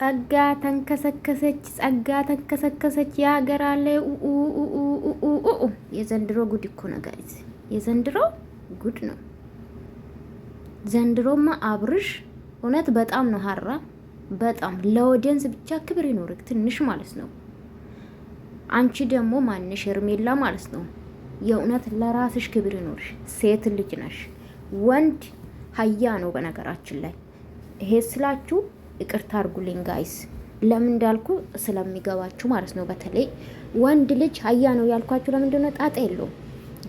ጸጋ ተንከሰከሰች፣ ጸጋ ተንከሰከሰች። የሀገር አለ የዘንድሮ ጉድ እኮ ነው ጋይዝ፣ የዘንድሮ ጉድ ነው። ዘንድሮማ አብርሽ እውነት በጣም ነው ሀራ በጣም ለወደንስ ብቻ ክብር ይኖርክ ትንሽ ማለት ነው። አንቺ ደግሞ ማንሽ እርሜላ ማለት ነው። የእውነት ለራስሽ ክብር ይኖርሽ። ሴት ልጅ ነሽ፣ ወንድ ሀያ ነው። በነገራችን ላይ ይሄ ስላችሁ ይቅርታ አርጉልኝ ጋይስ ለምን እንዳልኩ ስለሚገባችሁ ማለት ነው። በተለይ ወንድ ልጅ ሀያ ነው ያልኳችሁ ለምንድን ነው? ጣጣ የለውም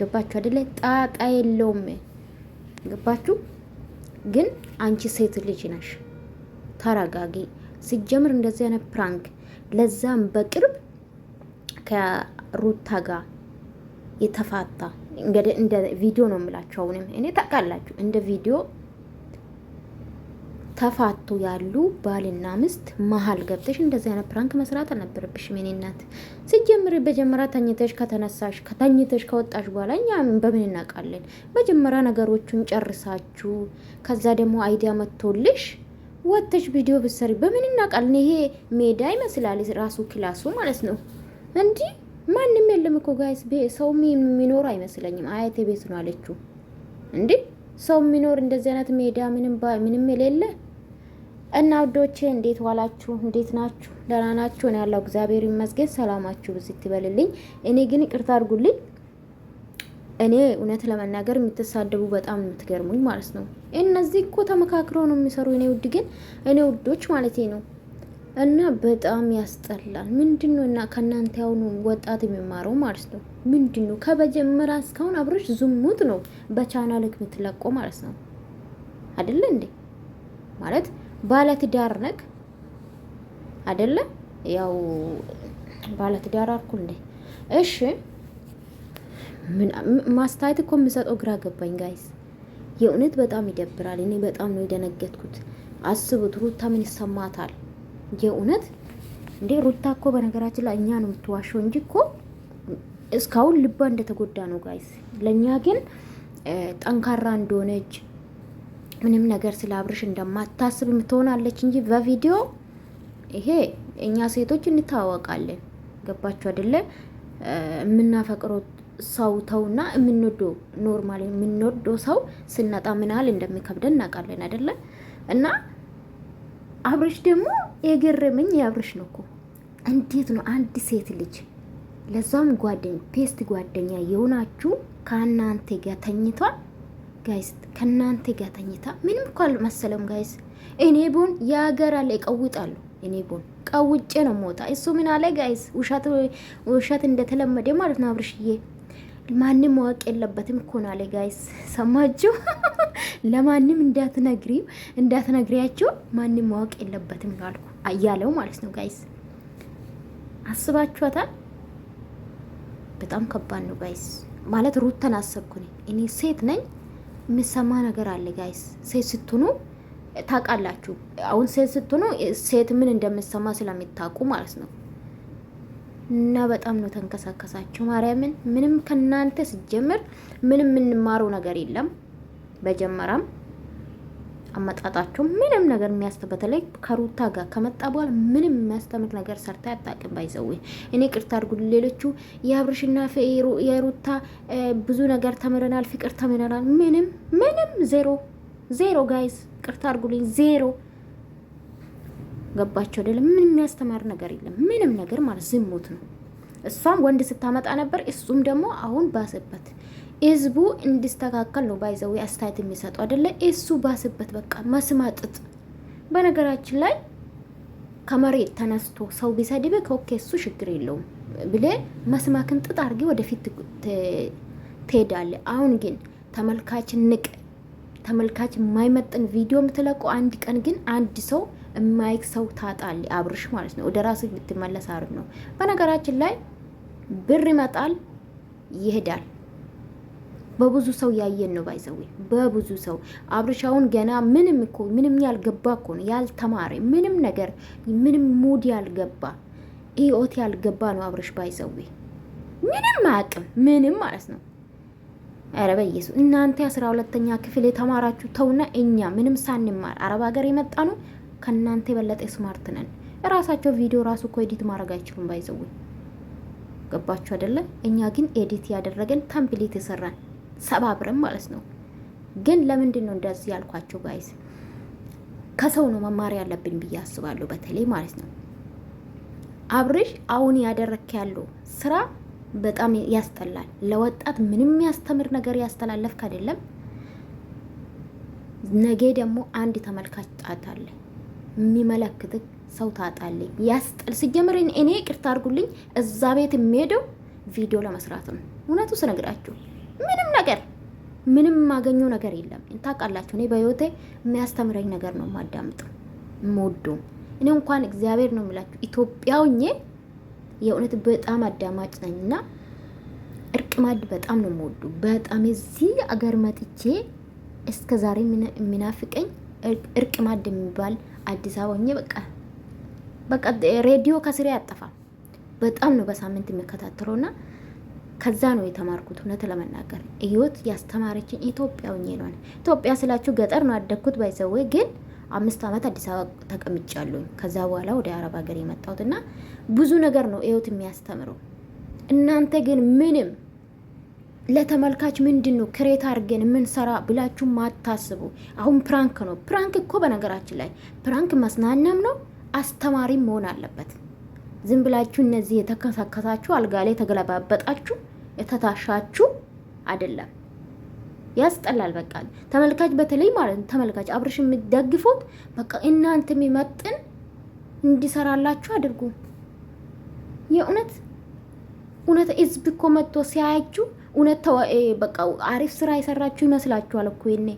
ገባችሁ አደለ ጣጣ የለውም ገባችሁ። ግን አንቺ ሴት ልጅ ነሽ፣ ተረጋጊ። ሲጀምር እንደዚህ አይነት ፕራንክ ለዛም በቅርብ ከሩታ ጋር የተፋታ እንደ ቪዲዮ ነው የምላችሁ። አሁንም እኔ ታውቃላችሁ እንደ ቪዲዮ ተፋቱ ያሉ ባልና ሚስት መሀል ገብተሽ እንደዚህ አይነት ፕራንክ መስራት አልነበረብሽም። የኔ እናት ሲጀምር በጀመራ ተኝተሽ ከተነሳሽ ከተኝተሽ ከወጣሽ በኋላ እኛ በምን እናውቃለን? መጀመሪያ ነገሮቹን ጨርሳችሁ ከዛ ደግሞ አይዲያ መጥቶልሽ ወጥተሽ ቪዲዮ ብሰሪ በምን እናውቃለን? ይሄ ሜዳ ይመስላል ራሱ ክላሱ ማለት ነው። እንዲህ ማንም የለም እኮ ጋይስ። ሰው የሚኖር አይመስለኝም። አያቴ ቤት ነው አለችው እንዴ ሰው የሚኖር እንደዚህ አይነት ሜዳ ምንም ምንም የሌለ እና ውዶቼ እንዴት ዋላችሁ? እንዴት ናችሁ? ደህና ናችሁ? ነው ያለው። እግዚአብሔር ይመስገን። ሰላማችሁ ብዙ ይበልልኝ። እኔ ግን ቅርታ አድርጉልኝ። እኔ እውነት ለመናገር የምትሳደቡ በጣም የምትገርሙኝ ማለት ነው። እነዚህ እኮ ተመካክሮ ነው የሚሰሩ። እኔ ውድ ግን እኔ ውዶች ማለት ነው እና በጣም ያስጠላል። ምንድን ነው እና ከእናንተ ያሁኑ ወጣት የሚማረው ማለት ነው። ምንድን ነው ከመጀመሪያ እስካሁን አብረሽ ዝሙት ነው በቻናልክ የምትለቀው ማለት ነው። አይደለ እንዴ ማለት ባለትዳር ነክ አይደለ? ያው ባለትዳር አልኩ እንዴ? እሺ ማስተያየት እኮ የምሰጠው ግራ ገባኝ ጋይስ። የእውነት በጣም ይደብራል። እኔ በጣም ነው የደነገጥኩት። አስቡት ሩታ ምን ይሰማታል? የእውነት እንዴ ሩታ እኮ በነገራችን ላይ እኛ ነው የምትዋሸው እንጂ እኮ እስካሁን ልባ እንደተጎዳ ነው ጋይስ። ለእኛ ግን ጠንካራ እንደሆነች ምንም ነገር ስለ አብርሽ እንደማታስብ ትሆናለች እንጂ በቪዲዮ ይሄ እኛ ሴቶች እንታወቃለን። ገባችሁ አይደለ? የምናፈቅረው ሰው ተውና የምንወደው ኖርማል የምንወደው ሰው ስናጣ ምናል እንደሚከብደን እናውቃለን አይደለ? እና አብርሽ ደግሞ የገረመኝ የአብርሽ ነው እኮ እንዴት ነው አንድ ሴት ልጅ ለዛም ጓደኛ ፔስት ጓደኛ የሆናችሁ ከእናንተ ጋር ተኝቷል ጋይስ ከእናንተ ጋር ተኝታ ምንም እኮ አልመሰለም ጋይስ። እኔ ቦን የሀገር አለ ይቀውጣሉ። እኔ ቦን ቀውጬ ነው ሞታ እሱ ምን አለ ጋይስ፣ ውሸት እንደተለመደ ማለት ነው። አብርሽዬ ማንም ማወቅ የለበትም እኮ ነው አለ ጋይስ። ሰማችሁ? ለማንም እንዳትነግሪ እንዳትነግሪያቸው ማንም ማወቅ የለበትም አልኩ እያለው ማለት ነው ጋይስ። አስባችኋታል? በጣም ከባድ ነው ጋይስ ማለት ሩተን አሰብኩኝ እኔ ሴት ነኝ የምሰማ ነገር አለ ጋይስ። ሴት ስትሆኑ ታውቃላችሁ። አሁን ሴት ስትሆኑ ሴት ምን እንደምሰማ ስለሚታውቁ ማለት ነው። እና በጣም ነው ተንከሳከሳችሁ። ማርያምን ምንም ከእናንተ ስጀምር ምንም የምንማረው ነገር የለም በጀመራም አመጣጣቸው ምንም ነገር የሚያስተ በተለይ ከሩታ ጋር ከመጣ በኋላ ምንም የሚያስተምር ነገር ሰርታ ያጣቅም ባይዘው እኔ ቅርት አድርጉ። ሌሎቹ የአብርሽና የሩታ ብዙ ነገር ተምረናል፣ ፍቅር ተምረናል። ምንም ምንም ዜሮ ዜሮ። ጋይስ ቅርት አድርጉልኝ ዜሮ ገባቸው አይደለም። ምንም የሚያስተማር ነገር የለም። ምንም ነገር ማለት ዝሙት ነው። እሷም ወንድ ስታመጣ ነበር፣ እሱም ደግሞ አሁን ባሰበት። ህዝቡ እንዲስተካከል ነው ባይዘው አስተያየት የሚሰጡ አይደለ? እሱ ባስበት በቃ መስማጥጥ። በነገራችን ላይ ከመሬት ተነስቶ ሰው ቢሰድብ ከኦኬ እሱ ችግር የለውም ብለ መስማክን ጥጥ አድርጌ ወደፊት ትሄዳለ። አሁን ግን ተመልካች ንቅ ተመልካች የማይመጥን ቪዲዮ የምትለቁ አንድ ቀን ግን አንድ ሰው የማይክ ሰው ታጣል። አብርሽ ማለት ነው። ወደ ራስህ ብትመለስ አሪፍ ነው። በነገራችን ላይ ብር ይመጣል ይሄዳል። በብዙ ሰው ያየን ነው ባይዘዊ በብዙ ሰው አብርሻውን ገና ምንም እኮ ምንም ያልገባ እኮ ነው ያልተማረ ምንም ነገር ምንም ሙድ ያልገባ ኢኦት ያልገባ ነው አብርሽ ባይዘዊ ምንም አያውቅም ምንም ማለት ነው ኧረ በኢየሱስ እናንተ የአስራ ሁለተኛ ክፍል የተማራችሁ ተውና እኛ ምንም ሳንማር አረብ ሀገር የመጣ ነው ከእናንተ የበለጠ ስማርት ነን እራሳቸው ቪዲዮ ራሱ እኮ ኤዲት ማድረግ አይችሉም ባይዘዊ ገባችሁ አይደለ እኛ ግን ኤዲት ያደረገን ታምፕሌት የሰራን ሰባብረን ማለት ነው። ግን ለምንድን ነው እንደዚህ ያልኳቸው ጋይስ? ከሰው ነው መማር ያለብን ብዬ አስባለሁ። በተለይ ማለት ነው አብርሽ፣ አሁን ያደረክ ያለው ስራ በጣም ያስጠላል። ለወጣት ምንም ያስተምር ነገር ያስተላለፍክ አይደለም። ነገ ደግሞ አንድ ተመልካች ጣታለ፣ የሚመለክት ሰው ታጣለ። ያስጠል ሲጀምር እኔ ቅርታ አድርጉልኝ፣ እዛ ቤት የሚሄደው ቪዲዮ ለመስራት ነው። እውነቱ ስነግራችሁ ምንም ነገር ምንም የማገኘው ነገር የለም። ታውቃላችሁ፣ እኔ በህይወቴ የሚያስተምረኝ ነገር ነው የማዳምጠው የምወደው። እኔ እንኳን እግዚአብሔር ነው የምላችሁ ኢትዮጵያውኜ የእውነት በጣም አዳማጭ ነኝ እና እርቅ ማድ በጣም ነው የምወዱ። በጣም የዚህ አገር መጥቼ እስከ ዛሬ የሚናፍቀኝ እርቅ ማድ የሚባል አዲስ አበባ ሆኜ በቃ በቃ ሬዲዮ ከስሬ ያጠፋ በጣም ነው በሳምንት የሚከታተለው እና ከዛ ነው የተማርኩት። እውነት ለመናገር እዮት ያስተማረችኝ ኢትዮጵያው ነው። ኢትዮጵያ ስላችሁ ገጠር ነው ያደግኩት። ባይዘወይ ግን አምስት ዓመት አዲስ አበባ ተቀምጫለሁ። ከዛ በኋላ ወደ አረብ ሀገር የመጣሁት እና ብዙ ነገር ነው እይወት የሚያስተምረው። እናንተ ግን ምንም ለተመልካች ምንድን ነው ክሬት አድርገን የምንሰራ ብላችሁ ማታስቡ። አሁን ፕራንክ ነው። ፕራንክ እኮ በነገራችን ላይ ፕራንክ መዝናኛም ነው፣ አስተማሪም መሆን አለበት። ዝም ብላችሁ እነዚህ የተከሳከሳችሁ አልጋ ላይ የተገለባበጣችሁ የተታሻችሁ አይደለም። ያስጠላል። በቃ ተመልካች፣ በተለይ ማለት ነው ተመልካች አብርሽ የምትደግፉት በቃ እናንተ የሚመጥን እንዲሰራላችሁ አድርጉ። የእውነት እውነት ህዝብ እኮ መጥቶ ሲያያችሁ እውነት በቃ አሪፍ ስራ የሰራችሁ ይመስላችኋል እኮ። ይኔ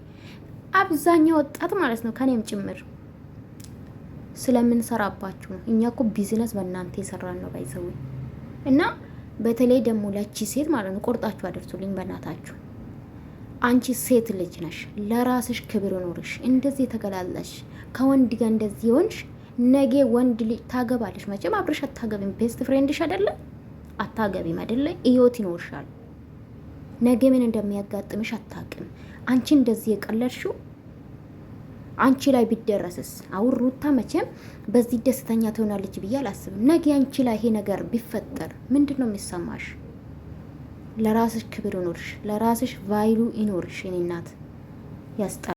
አብዛኛው ወጣት ማለት ነው ከኔም ጭምር ስለምንሰራባችሁ ነው። እኛ እኮ ቢዝነስ በእናንተ የሰራን ነው ባይዘው እና በተለይ ደግሞ ለቺ ሴት ማለት ነው ቆርጣችሁ አደርሱልኝ በእናታችሁ። አንቺ ሴት ልጅ ነሽ፣ ለራስሽ ክብር ኖርሽ። እንደዚህ የተገላለሽ ከወንድ ጋር እንደዚህ የሆንሽ ነገ ወንድ ልጅ ታገባለሽ። መቼም አብረሽ አታገቢም። ቤስት ፍሬንድሽ አደለ አታገቢም አደለ እዮት ይኖርሻል። ነገ ምን እንደሚያጋጥምሽ አታውቅም። አንቺ እንደዚህ የቀለድሽው አንቺ ላይ ቢደረስስ? አሁን ሩታ መቼም በዚህ ደስተኛ ትሆናለች ብዬ አላስብም። ነገ አንቺ ላይ ይሄ ነገር ቢፈጠር ምንድን ነው የሚሰማሽ? ለራስሽ ክብር ይኖርሽ፣ ለራስሽ ቫይሉ ይኖርሽ። እኔ እናት